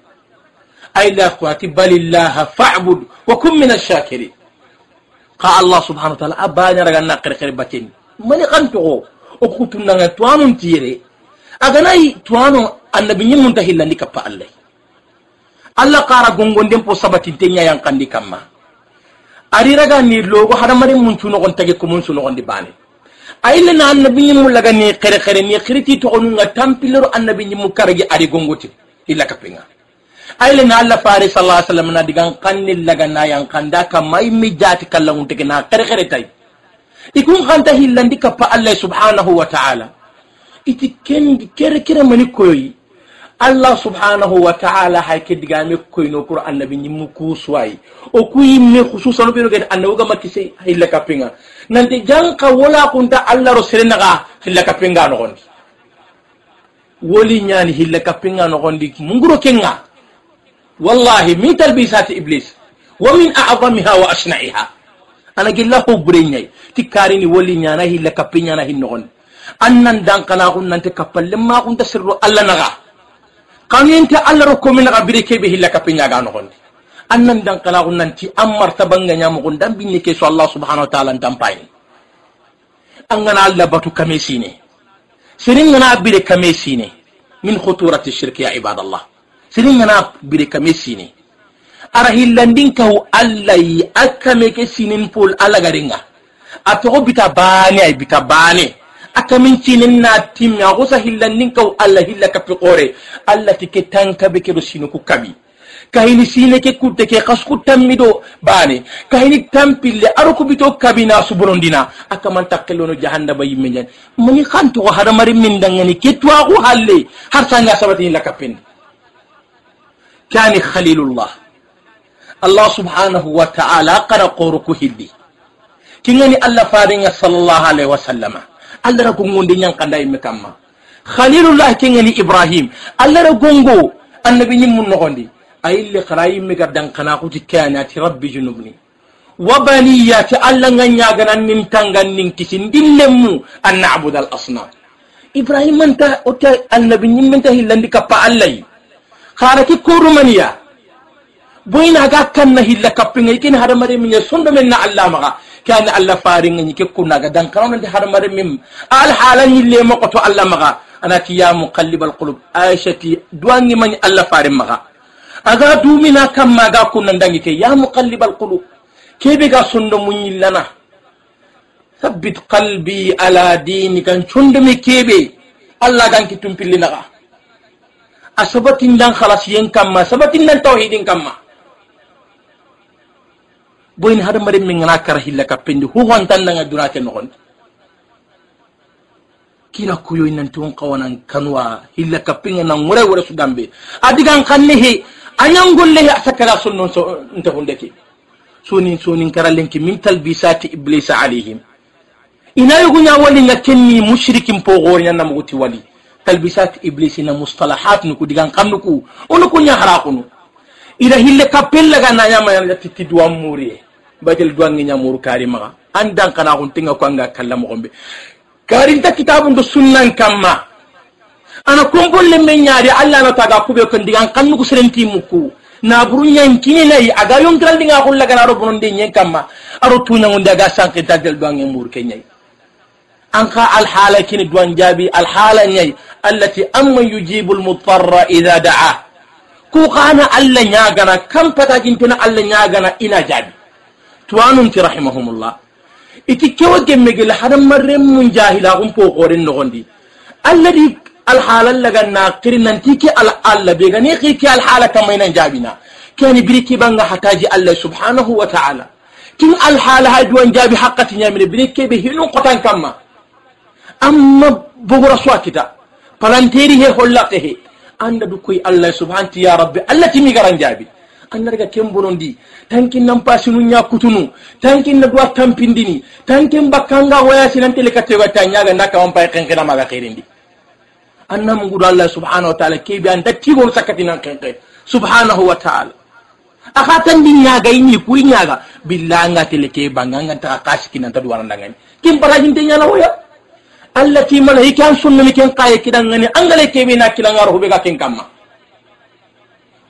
ay la kuwati balillaha fabud wa kun min alshakirin ka allah subhanau wa taala a bañaraga na qirqire batteni mani kan kantogo o kutunnaga twanun tiyere aganayi twano annabi ñin tahilla ni kappa allah allah kara dem po sabatinte ñayan kandi kamma ari raga ni logo hadamaren mun cunogon tage kumun bani bane le na annabi ñin mun laga ni xere xere ni xiriti togonunga tampilero annabi ñin mun karagi ari gongoti illa ay le na allah sallallahu alaihi wasallam na digan kanni laga na da kanda kamma immi jati tagi na xere xere tay ikun kanta hillandi kappa allah subhanahu wa ta'ala iti kendi kere kere mani koyoyi allah subhanahu wa ta'ala hay ke digame koyno pour annabi ku suwai o ku yimme hususano ɓeno gede annabi gama kise hilla kappenga nante janka kun ta allah ro serenaga hilla no nogondi woli ñani hilla kappenga mu munguro kenga wallahi min talbisati iblis wa min a'zamiha wa asnaiha ana gillahu hobbure tikari ni woli ñana hilla kapinga na hin nogondi annan dankana kun ma kun ta sirru allah naga kanginte allah rokko min ka keɓe hilla kappe ñaga noxondi an nan dankalaxu nanti an martabanga ñamoxon dan binne ke so allah subhanau wa taala ntampayni an gana allah batu kame sine senin nana bire kame sine min khuturati shirki ya ibadallah senin nana bire kame sine ara hillandin kahu allah yi a kame ke sinin pol allah garinga a toxo bita baane ay bita baane akamin cinin na kusa gusa hillan nin kau Allah hilla ka fiqore Allah tike tanka be kedo sinu ku kami kahini sine ke kutte ke kasku tammido bane kahini tampille aruku bito kabina suburundina akaman takkelono jahannaba yimme nyen muni khanto ko hada mari min dangani ke tuaku halle har sanya sabati la kapin kani khalilullah allah subhanahu wa ta'ala qara qoruku hilli kingani allah faringa sallallahu alaihi wasallama allah ra gongonde ñankanda yimme kamma khalilullah ni ibrahim allah ra gongo annabi ñimmun nogondi ayille xara ku ga dankanaxuti keanati rabbi junubni wa baniyati allah nga ñaganan nin tangan nin kisi ndillenmu an nabuda al asnam ibrahim anta ota annabi ñimmenta hillandi kappa allahy xaraki korumaniya boynaga kanna hilla kappinga ikini hadamare miña sondomen na allah maxa كان allah فارين ني كيكو ناغا دان كانو ندي حرمر alhala al halan yille mako to Allah maga anati ya muqallibal qulub aishati duwangi man Allah farin maga aga dumina kam maga kunna dangi ke ya muqallibal qulub kebe ga mun munyillana sabbit qalbi ala dini kan chundo mi kebe Allah gan ki tumpilina ga asabatin dan khalas yen ma sabatin dan tauhidin ma har hadamaren min na kara hilla tan huhontannanga dura ke nogondi kina kuyo tun kawanan kanwa hilla pinga nan wure wure su dambe adigan kannihi anyan gollehi sakara sunno so ke suni suni kara linki min talbisati iblisa alaihim ina nya wali nga kenni mushrikin pogorinya namuguti wali talbisati iblisi na mustalahat nuku digan onuku nya harakunu ina hille nya ma ya tiduwa murie batel duangi nyamuru kari maga andan kana kun tinga kwanga kala mo gombe ta kitabun do sunnan kamma ana kompol le men alla na taga kube kon digan kannu kusrenti muku na buru nyankini nayi aga yon kral dinga kula laga na ro bonon de nyen kamma aro tunya ngonde aga sanke tadel duangi mur kenyai anka alhala kini duan jabi alhala nyai allati amma yujibu almutarra idha da'a ku kana alla nyagana kam patakin tuna alla nyagana ina jabi tuwanumti rahimahumullah iti kewo gemmegele hadamarren mun jahilakun pokoren nogondi alladi alhalan laga nakiri nanti ke al'alla be gane ki ke alhala kamai nan jabina kani biriki banga hataji allah subhanahu wa ta'ala kin alhala haduwan jabi haqqati nyamire birike be hinun qotan kamma amma bogora swakita palanteri he hollate he anda dukoy allah subhanahu ya rabbi allah timi garan jabi annarga ken di tankin nan pasinu nya kutunu tankin na duwa tampindini tankin bakanga waya sinan tele katewa tanya ga ndaka on pay kenkena maga khirindi anna mungu allah subhanahu wa ta'ala kebi anda tigo sakati nan kenke subhanahu wa ta'ala aka tandi nyaga ini kuri nyaga bilanga tele ke banganga ta kaski nan ta duwa ndangani kim parajin tenya na waya allati malaika sunni ken qaye kidangani angale bi na kilanga rohbe ga kamma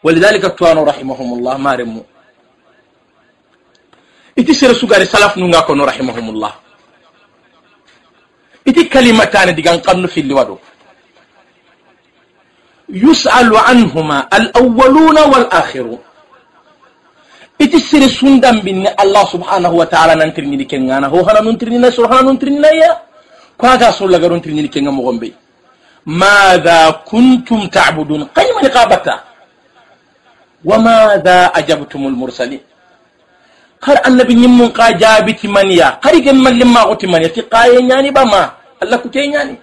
ولذلك التوانو رحمهم الله مارمو iti sere sugari salaf nunga kono rahimahumullah iti kalimatani digan kannu filli wado yusalu anhuma alawaluna walakhiru iti sere sundambinni allah subhanahu wa taala nantirnini kengana ho hana nuntirnina soro hana nuntirninaya koaga sorlagarontirnini kenga mogonɓey matha kuntum tabudun kañumani ka batta wa ma za ajabtumul mursalin har annabi ñim mun ka jabi man ya hari gen mallin ma goti man ti qaye ñani ba ma allah ku te nyani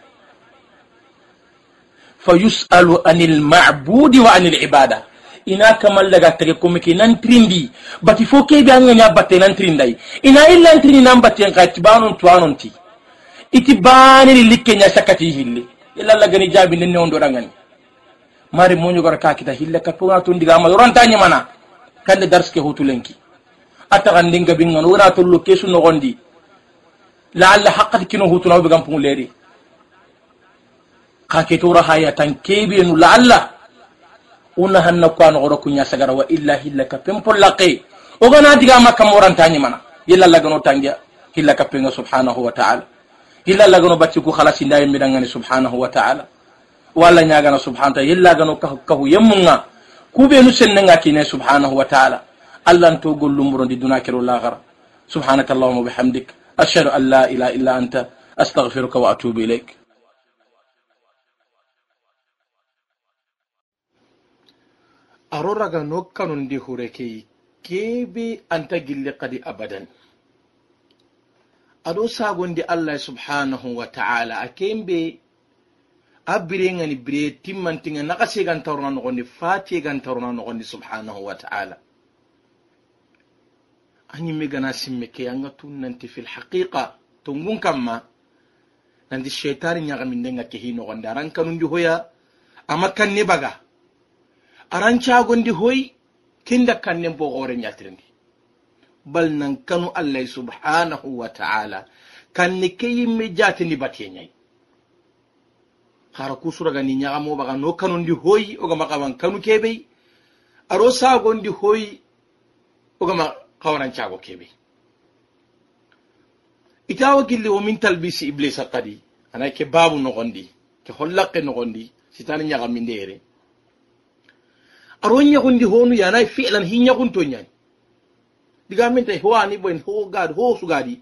fa yusalu anil ma'budi wa anil ibada ina kamal daga tare komi ke nan trindi bati fo ke biya nya batte nan trindai ina illa trindi nan batte ka tibanon tuanon ti iti bani likke nya sakati hilli illa lagani jabi ne on do dangani mari muñugora ka kita hille kappuga tun digama yoronta ñimana kande darske hutulenki a taxandinga bingano wona tollu kesu alla laalla kinu hutu no wobe gam leri ka ketora haya tan la laalla una hanna ko goro kunya sagara wa illa ka hilla o pollaqe ogana ma kam woranta ñimana yella lagano tangia ka kappenga subhanahu wa taala hilla lagano batti ku xalasinda yemmidangani subhanahu wa taala walla ñagana subhana taala yellagano kahu yemmunga kuɓenu sennenga kine subhanahu wa taala allanto gollumburondi duna kero lagara subhanak allahuma bihamdik ashhadu an la ilaha illa anta astaghfiruka wa atubu aroraga no ragano kanundi hureke kebe anta gille qadi abadan aɗo sagondi allah subhanahu wa taala a a ngani bire timmantinga naxa segantaruna noxondi fa tegantaruna ni subhanahu wa taala An ñimme gana simme ke anga tun nanti fil haqiqa tungun kamma nanti sheitani ñagamindenga kehi noxondi aran di hoya amakan ne baga aran cagondi hoy kenda kannen bo xoore ñatirendi bal nan kanu allahi subhanahu wa taala kanne ke yimme jatini batiye ñayi hara kusuragani ñagamoɓaga no ndi hoyi o ogama kawan kanu keɓey aro ndi hoyi o ogama kawanancago keɓey itawa gilli wo min talbisi iblisa kadi ana ke babu nogondi ke hollakke nogondi sitani ñagaminde yere aro ñagundi honu yanai filan hi ñagunto ñani digaminta howani ɓoen ho gadi ho sugadi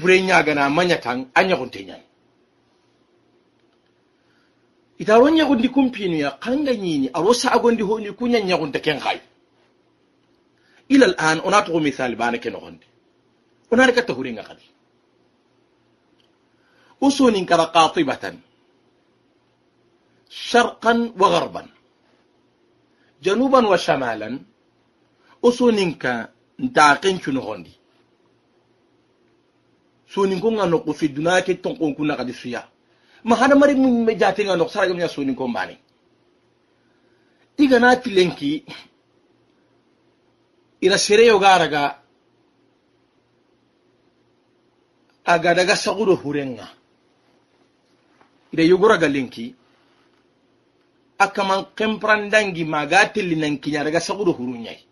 bure ñagana maña tan a ñagunte ñani itaro ñagundi kumpinuya kanga ñini aro sagondi honi kuña ñagunta ken xay ila an ona toxo misali bana ke noxondi onani ka tahuringa xadi u sonin kara qatibatan sharqan wa garban januban wa shamalan u soninka ntaxencu noxondi soninkonga noqu fi dunake tonqonku naxadi suya ma hadamari muñme jatenga nok saragam ña suni ko mbani. mbane igana kilenki ira sereyoga raga aga daga saguro hurenga ida yogoraga lenki akaman kemprandangi maga nan nankiña daga saguro huruñayi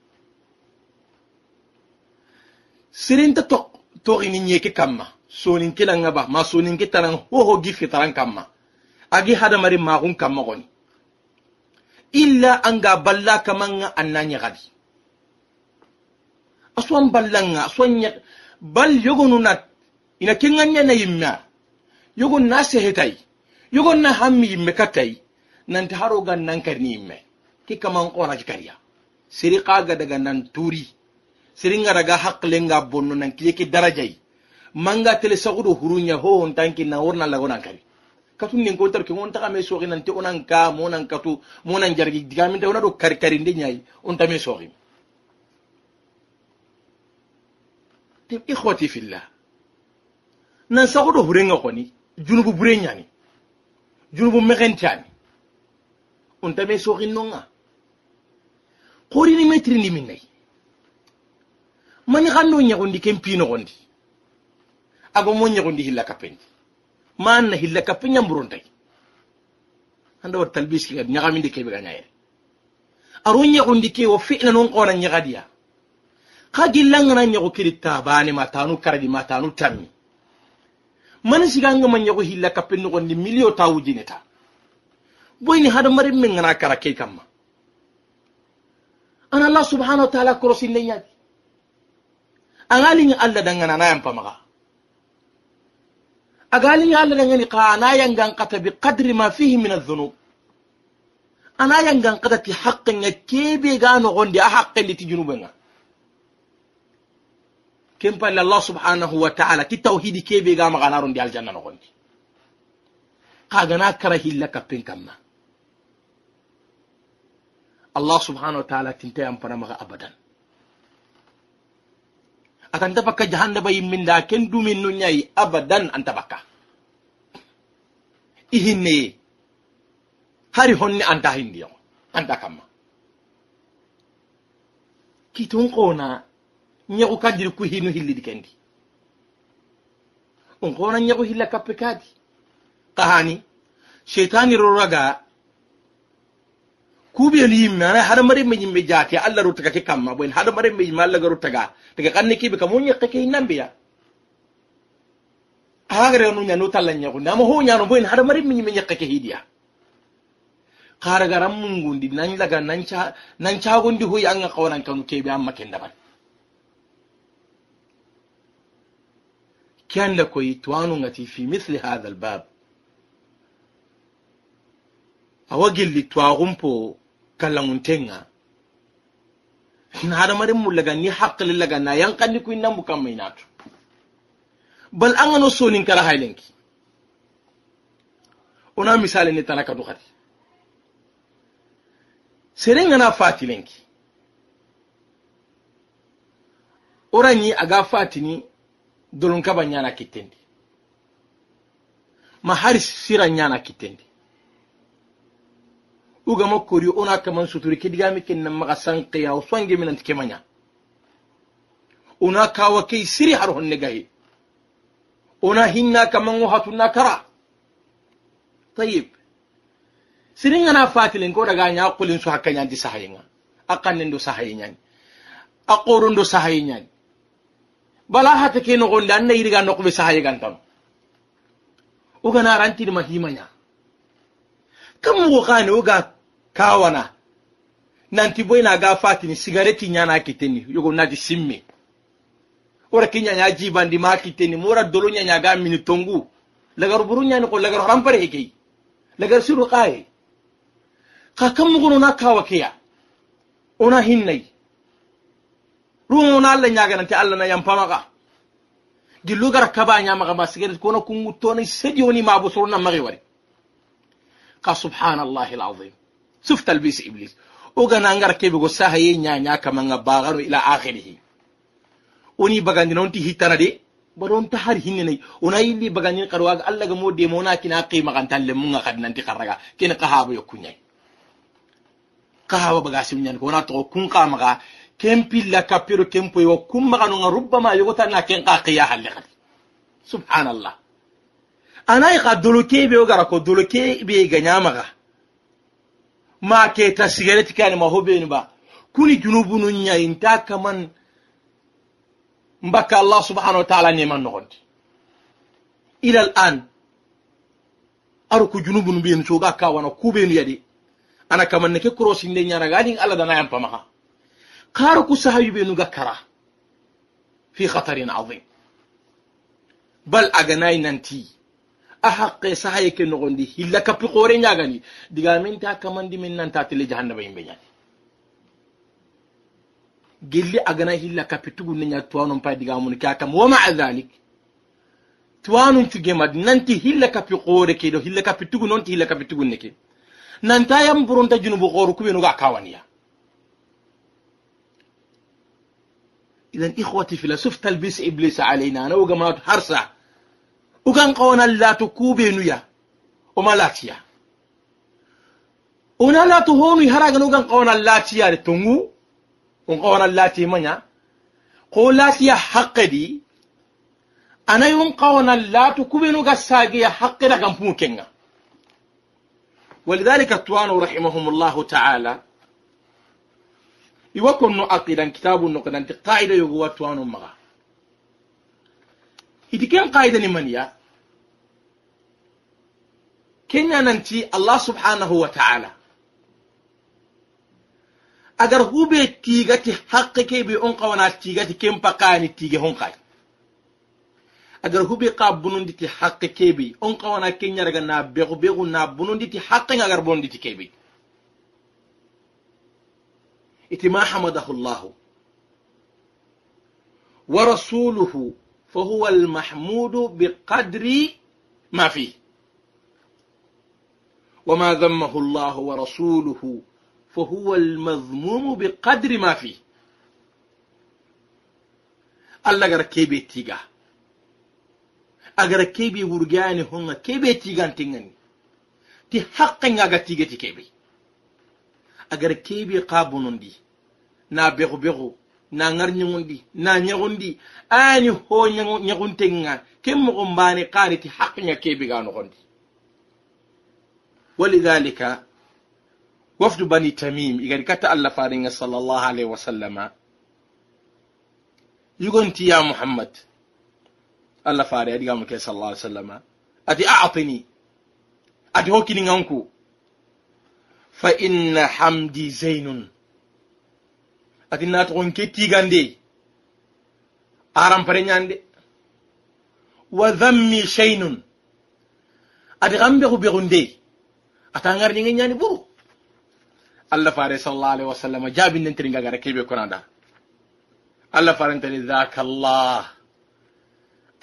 to toxini nyeke kamma sonin kilan ngaba ma sonin kitaran ho ho gi fitaran kamma agi hadamari magun kamma goni illa an ga balla kamanga annanya gadi aswan aswan aswanya bal yogonu nat ina kinganya na yimma yogon na sehetai yogon na hammi yimme katai nan ta haro gan nan karni yimme ki kaman kona ki kariya siri kaga daga nan turi siri nga daga hakle nga bonno nan kiyeki darajai manga tele sagudo hurunya ho hon tanki na worna la gonan kari katun nin ko tarki won taka me sogi nan te onan ka monan katu monan jargi digamin te onado kari kari ndi nyai on ta me sogi te ikhwati fillah nan sagudo hurenga koni junubu burenyani junubu mexentani on ta me sogi kori ni metri ni minnai mani xando ñagondi ken pinoxondi ago mo ñagondi hilla kapen man na hilla kapen ñamburon tay ando wat talbis ki ñagamindi kebe ga ñayere aru ñagondi ke wo fi'na non qona ñagadiya ka gillangana ñago kiri tabani ma tanu karadi ma tanu tammi man siganga ma ñago hilla kapen no gondi milio tawujineta ni hada mari men ngana kara ke kamma ana allah subhanahu wa ta'ala krosin ne angaling alla dangana na yam pamaga agali yalla dangani ka na yangan kata bi kadri ma fihi min adh-dhunub ana yangan kata ti haqqin ya kebe ga no gonde a haqqin ti junuban Kin palle allah subhanahu wa ta'ala ti tawhidi kebe ga magana ron di aljanna no gonde kaga na kara laka kapin kamma allah subhanahu wa ta'ala tinta maka maga abadan akanta bakka jahannaba yimminda ken dumin nu ñayi abadan anta bakka i hinneye hari honni anta hindiyo anta kamma kitun kona ñaku kadiri ku hinu hillidi kendi on kona ñaku hilla kappe kadi kahani sheitani roraga kubiyolu yimme ana hadamaremme yimme jaate allah rottaga ke kamma boen hadamaremme yimme allah ga rottaga taga kanne keɓe kam on yakke ke innambeya hagare nu ñano talla ñagunde ama ho ñano boen hadamaremme yimme yakke ke hiidiya haragaran mungundi nan laga nan cagondi hoyi anga kawanan kanu keɓe an make ndaban ke anda koyi twanugati fi misle hatha albab awa gelli twagun po kalamuntenga na hadamaden mu laga ni hakkili laga na yankandi ku inna mukan mai natu bal an gano sonin kala hailenki ona misali ne tana kadu kati seren gana fatilenki oranyi aga fatini dolon kaba nyana kitendi ma har sira nyana kitendi uga kori ona kaman suturi kidigami kinna maga sanqiya uswangi minant kemanya una kawa kai siri har honne gahi una hinna kaman hatuna kara tayyib sirin ana fatilin ko daga nya kulin su hakanya di sahayinga akan ndo sahayinga aqorun ndo sahayinga bala hata ke no gonda anna iriga no kube sahayigan tan uga na ranti mahimanya kam go gane uga kawana nanti boy na ga fatini sigareti nyana kiteni yogo nadi simmi ora kinya nya jibandi ma kiteni dolo nya nya ga mini tongu lagar buru nya ko lagar hege lagar suru ka kam na kawakiya ona hinnai rumo na Allah nya ga nanti Allah na di lugar kaba nya ma sigareti kungu na wari ka subhanallahi alazim suftal bis iblis ogana ngara keɓego sahaye kama nga bagano ila ahirihi woni bagandina onti hittana de bada onta har hinnenayi wona yilli bagandin kada waga allah ga modema wona kina qimakantan lemmunga kadi nanti karraga kene kahaba yokkuñayi kahaba bagasimu ñani ko wona togo kun kamaga ken pilla kappiro ken poyiwa kun maganonga rubbama ta yogotanna ken ka qiya halle kadi subhanallah anayi ka dolo keɓe o gara ko dolo keɓe gañamaga ma keta sigareti kani ma hobeni ba kuni junubu nu ñayi nta kaman mbakka allah subhanahu wa taala neman nogondi ila al an aru ko junubu nu mbiyenu soga kawana kuɓenu yaɗi ana kaman neke korosinde ñaraganin allah dana yampamaha kara ku sahayuɓenu ga kara fi hatarin adim bal aganayi nanti a haqqe sahaye ke nogondi hilla kappi hoore ñagani digamenti a kamandi min nan nanta tele jahannaba yimɓe ñani gelli agana hilla kappi tugunne ña tuwanon pay digamuni ke a kam wa maa dhalik tuwanun cugemadi nanti hilla kappi hoore ke ɗo hilla kappi tugu ti hilla tugu tugunne ke ta yam ta junubu hooru kuɓenoga a kawaniya idan ihwati fila suf talbis iblis alayna na wogamatu har saa ugan qawnan laatu kuubeenuya oma laatiya una laatu hoonui haragan ugan qawnan laatiyaade tungu un qawnan laatii manya ko ana laatiya haqqedi anayi kube qawnan laatu ya haqqi da ganpumu kenga ولذلك التوانو رحمهم الله تعالى يوكن نؤقدا كتاب نقدا قاعدة يقوى التوانو مغا iti ken kaidani maniya kenya nanti allah subhanahu wa ta'ala agar hube tigati haqqe ke be on qawana tigati ken pakani tige hon kai agar hube ka bunundi ti haqqe ke be on qawana kenya daga na begu begu na bunundi ti haqqe agar bunundi ti ke be iti ma hamadahu allah wa rasuluhu فهو المحمود بقدر ما فيه وما ذمه الله ورسوله فهو المذموم بقدر ما فيه الله غير كي بيتيغا اگر كي بي ورغاني هون كي بيتيغا تنغني تي حق نغا تيغا تي كي بي اگر كي بي قابونون دي نا بيغو بيغو na ngar ñugundi na ñagundi ani ho ñaguntenga ken mogo mbane kaniti haqña kebiga nogondi walidhalika wafdu bani tamim igadi katta allah faringa sallallahu alaihi wasallama yugonti ya muhammad allah faare adigamo ke sallah alih sallama ati atini ati hokkininganku fa inna hamdi zainun ati natogon ke tigande arampare ñande wa dhammi shaynun ati gambe ko bexu nde ata ngar ñinge ñani buru allah fare sallallah alayhi wa sallam jabinentiri ngagara keɓe konada allah farentani dhaka allah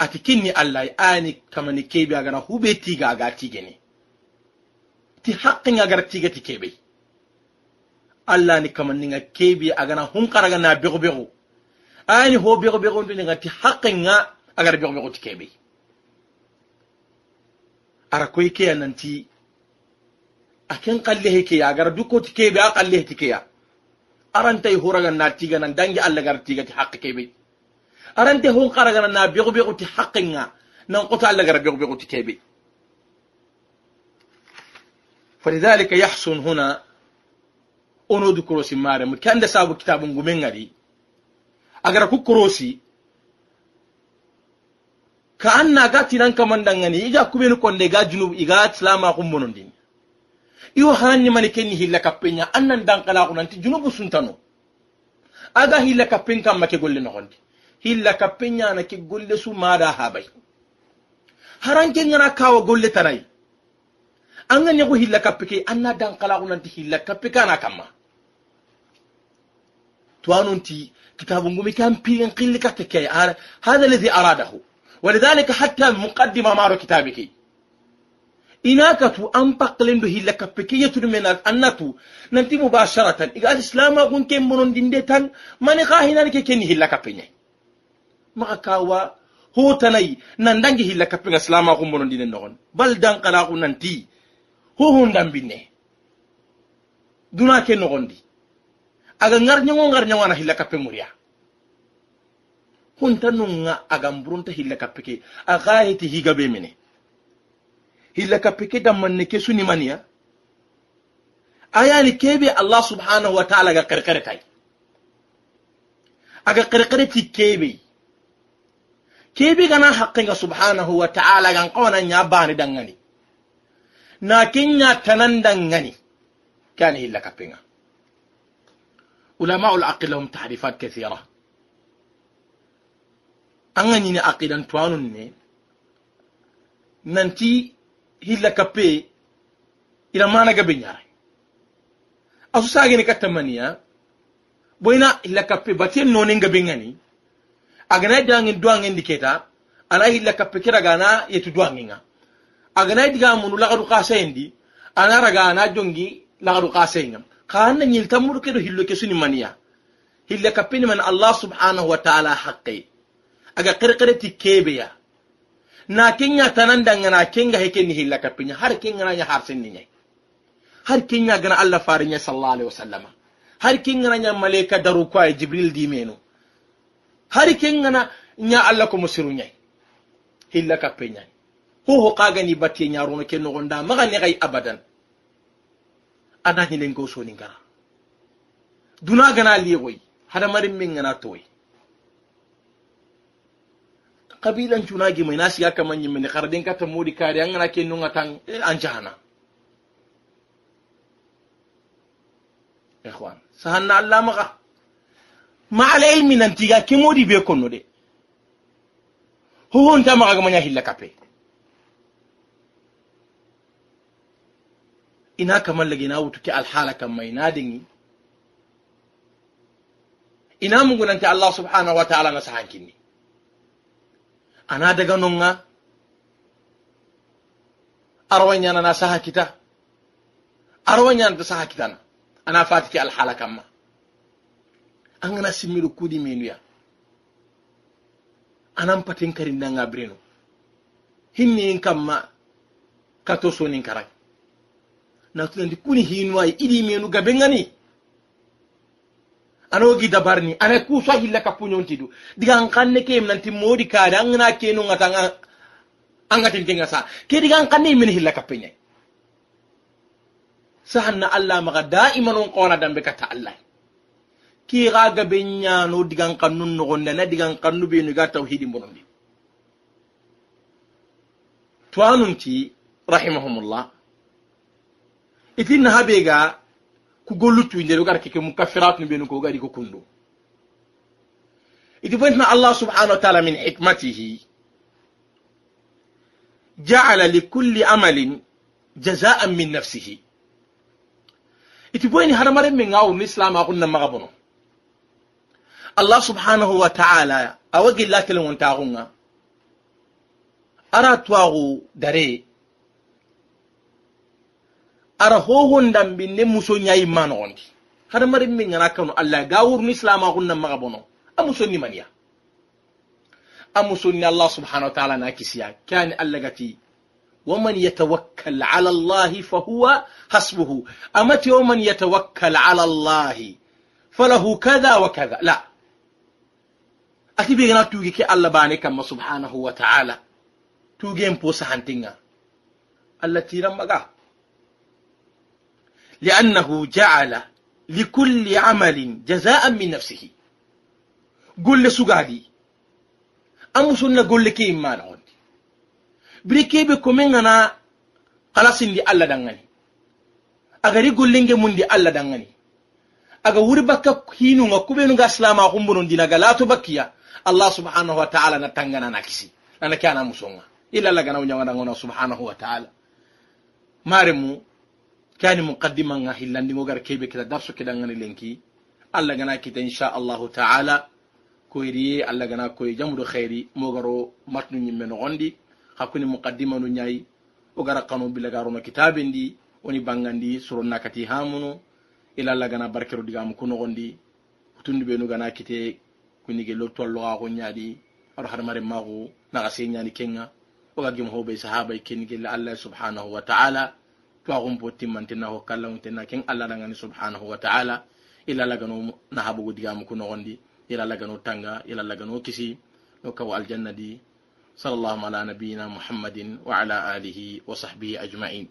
ati kinni allah ani kamani kebe agana huɓe tiga aga tigene ti haqqe ngagara tiga ti kebe. allah ni nga kebi agana gana na biru ayani ho begobegondu ngati haqqenga agara begobego ti kebe ara koy ya nanti aken kallehe keya agara ti kebe a kallehe ti keya hura horaga na tigana dangi allah gara kebi. haqqe kebe hunkara gana na biru-biru ti nga nan kota allah gara biru-biru ti kebe فلذلك yahsun huna. ono du korosi mare mu kanda sabu kitabu ngumen ngari agara ku korosi ka anna ga tinan kamandangani iga kubenu konde ga junub iga islama kumbonondin iyo hananni mani kenni hilla kappenya annan aga hilla kappen kamma ke golle nogondi hilla ke golle su kawa golle tanai an ganyaku hilla kappe ke anna dankala kunanti kamma توانونتي كتاب قومي كان بين قل كتكي هذا الذي أراده ولذلك حتى مقدمة مارو كتابك إناك تو أنبق لندو هلا كبكية من الأنتو ننتي مباشرة إذا الإسلام أقول كم منون دندتان ما نقاهنا لك كني هلا كبني ما كاوا هو تناي نندنجي هلا كبني الإسلام أقول منون دندن بل دان قلاقو ننتي هو هندن بني دونا كنغندي aga ngarñango ngarñango ana hilla kape muria hunta nunga aga mburunta hilla kape ke aga heti higa be mene hilla kape ke da manne ke suni maniya ayani kebe allah subhanahu wa ta'ala ga karkare kai aga karkare ti kebe kebe gana haqqinga subhanahu wa ta'ala gan qawana nya bani dangani na kinya tanan dangani kan hilla nga علماء العقل لهم تحريفات كثيرة أنني عقيدا توانني ننتي هلا كبي إلى ما أنا قبنيار أسو ساقيني كتمانيا بوينا هلا كبي باتين نونين قبنياني أغنى دانين دوانين ديكيتا أنا هلا كبي كرا غانا يتدوانين أغنى ديغامونو لغدو قاسين دي أنا رغانا جونجي لغدو قاسين kanna ñiltammuɗo keɗo hillo suni mania hille kappini man allah subhanahu wa taala haqqi aga kebe ya na kenya kinga heke ni hilla kappiña har na ya har ne har kenya gana allah sallallahu alaihi wasallama har kinga har ya malaika daru ko ay e jibril dimeno har na nya allah ko mo siruñay hilla kappeñani hoho kagani battiye ñaruno ke gonda maga gai abadan ada hinen go ni gara duna gana liye wai hada marin min gana to wai kabilan cuna gi mai nasi aka manyi mini kardin kata modi kari an gana ke nunga tan eh, an jahana ikhwan sahanna allah maka ma ala ilmi nan tiga ke modi be kono de ho ta maka ga ya hilla kape ina lage na wutuke alhala mai na dingi ina mugunanti allah subhanahu wa taala na nga sahankinni ana daga nonga yana na saha kita arwañanata saha na ana fatike alhala ma an gana simiru kudi menuya anan nan karindanga bireno kan kamma ka to sonin karai. tunan natunendi kuni hinuwayi iɗi menu gabe ngani anogi dabarni ana kuso hilla kappuñonti du diga an kanne kem nanti modi kaade an gana kenu ngata angatintenga sa ke diga an kanne imen hilla kappeñayi sahanna allah maga daiman on kona dambe kata allah ki ga gabe diga an kannu nogonde na digan kannu benu ga tawhidi mbonondi toanunti rahimahumullah itin habe ga ku golutu inde do garke ke kafirat ni benu ko gadi ko kundu iti allah subhanahu wa ta'ala min hikmatihi ja'ala li kulli amalin jaza'an min nafsihi iti boyni hadamaren min gawo ni islam akun nan magabono allah subhanahu wa ta'ala awagi latilin wanta kunga ara tuwagu dare ara hohon ne muso ñayimma nogondi hadamaren min gana kanu allah ga wurni islama gunnan maga bono a musonni maniya a musonni allah subhanahu wa taala na kisiya kani allah hasbuhu ومن يتوكل على الله فهو حسبه أمتي ومن يتوكل على الله فله كذا وكذا لا أتي بيغنا توجي كي الله باني كما سبحانه tuge توجي مبوسة هانتينغا الله تيرم maga. Li annahu لكل عمل جزاء amalin نفسه قل سقادي أم سنة قل كي ما نعود بريكي بكمين أنا خلاص دي الله دنغني أغري قل لنجي من دي الله دنغني aga wuri bakka hinunga kuɓenuga silama humbunon dinaga laato bakkiya allah subhanahu wa taala na tangana na kisi nana ke ana musonga ila allah ganawu ñaganagona subhanahu wa taala mare mu kani muqaddima nga hillandingo gara kebe kita darso kedangani lenki allah gana insha allahu taala koyriye allah gana koye jamudo heyri mogaro matnu ñimme nogondi hakkuni muqaddima nu ñayi o gara kanu bilagaroma kitabe ndi woni bangandi soro nakati hamuno ila allah gana barkero digamu ku nogondi hutundi ɓe nu gana kite kunige lo tolloxaxo ñaadi aɗo hadamaren maxu naxa se ñani kenga oga gem hoɓe sahabay kenigelle allah subhanahu wa taala to axum po timmantena ho kallangutenna ken allah dangani subhanahu wa taala ila lagano nahabugu digamu ku noxondi ila lagano tanga ila lagano kisi no kawo aljanna di sal allahuma ala nabiyina muhammadin wa ala alihi wa sahbihi ajmain